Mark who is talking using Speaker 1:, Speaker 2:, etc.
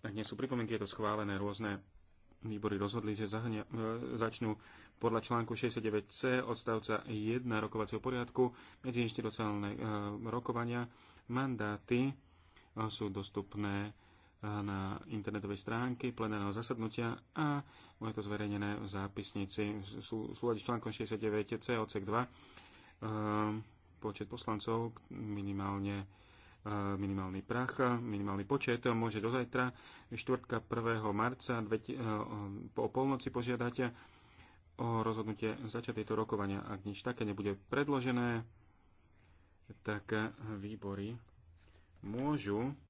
Speaker 1: Ak nie sú pripomienky, je to schválené. Rôzne výbory rozhodli, že zahňa, e, začnú podľa článku 69c odstavca 1 rokovacieho poriadku e, rokovania. Mandáty e, sú dostupné e, na internetovej stránke plenárneho zasadnutia a je to zverejnené v zápisnici. Sú súľade s článkom 69c odsek 2 počet poslancov minimálne E, minimálny prach, e, minimálny počet môže do zajtra, štvrtka 1. marca po e, polnoci požiadať o rozhodnutie začať tieto rokovania. Ak nič také nebude predložené, tak výbory môžu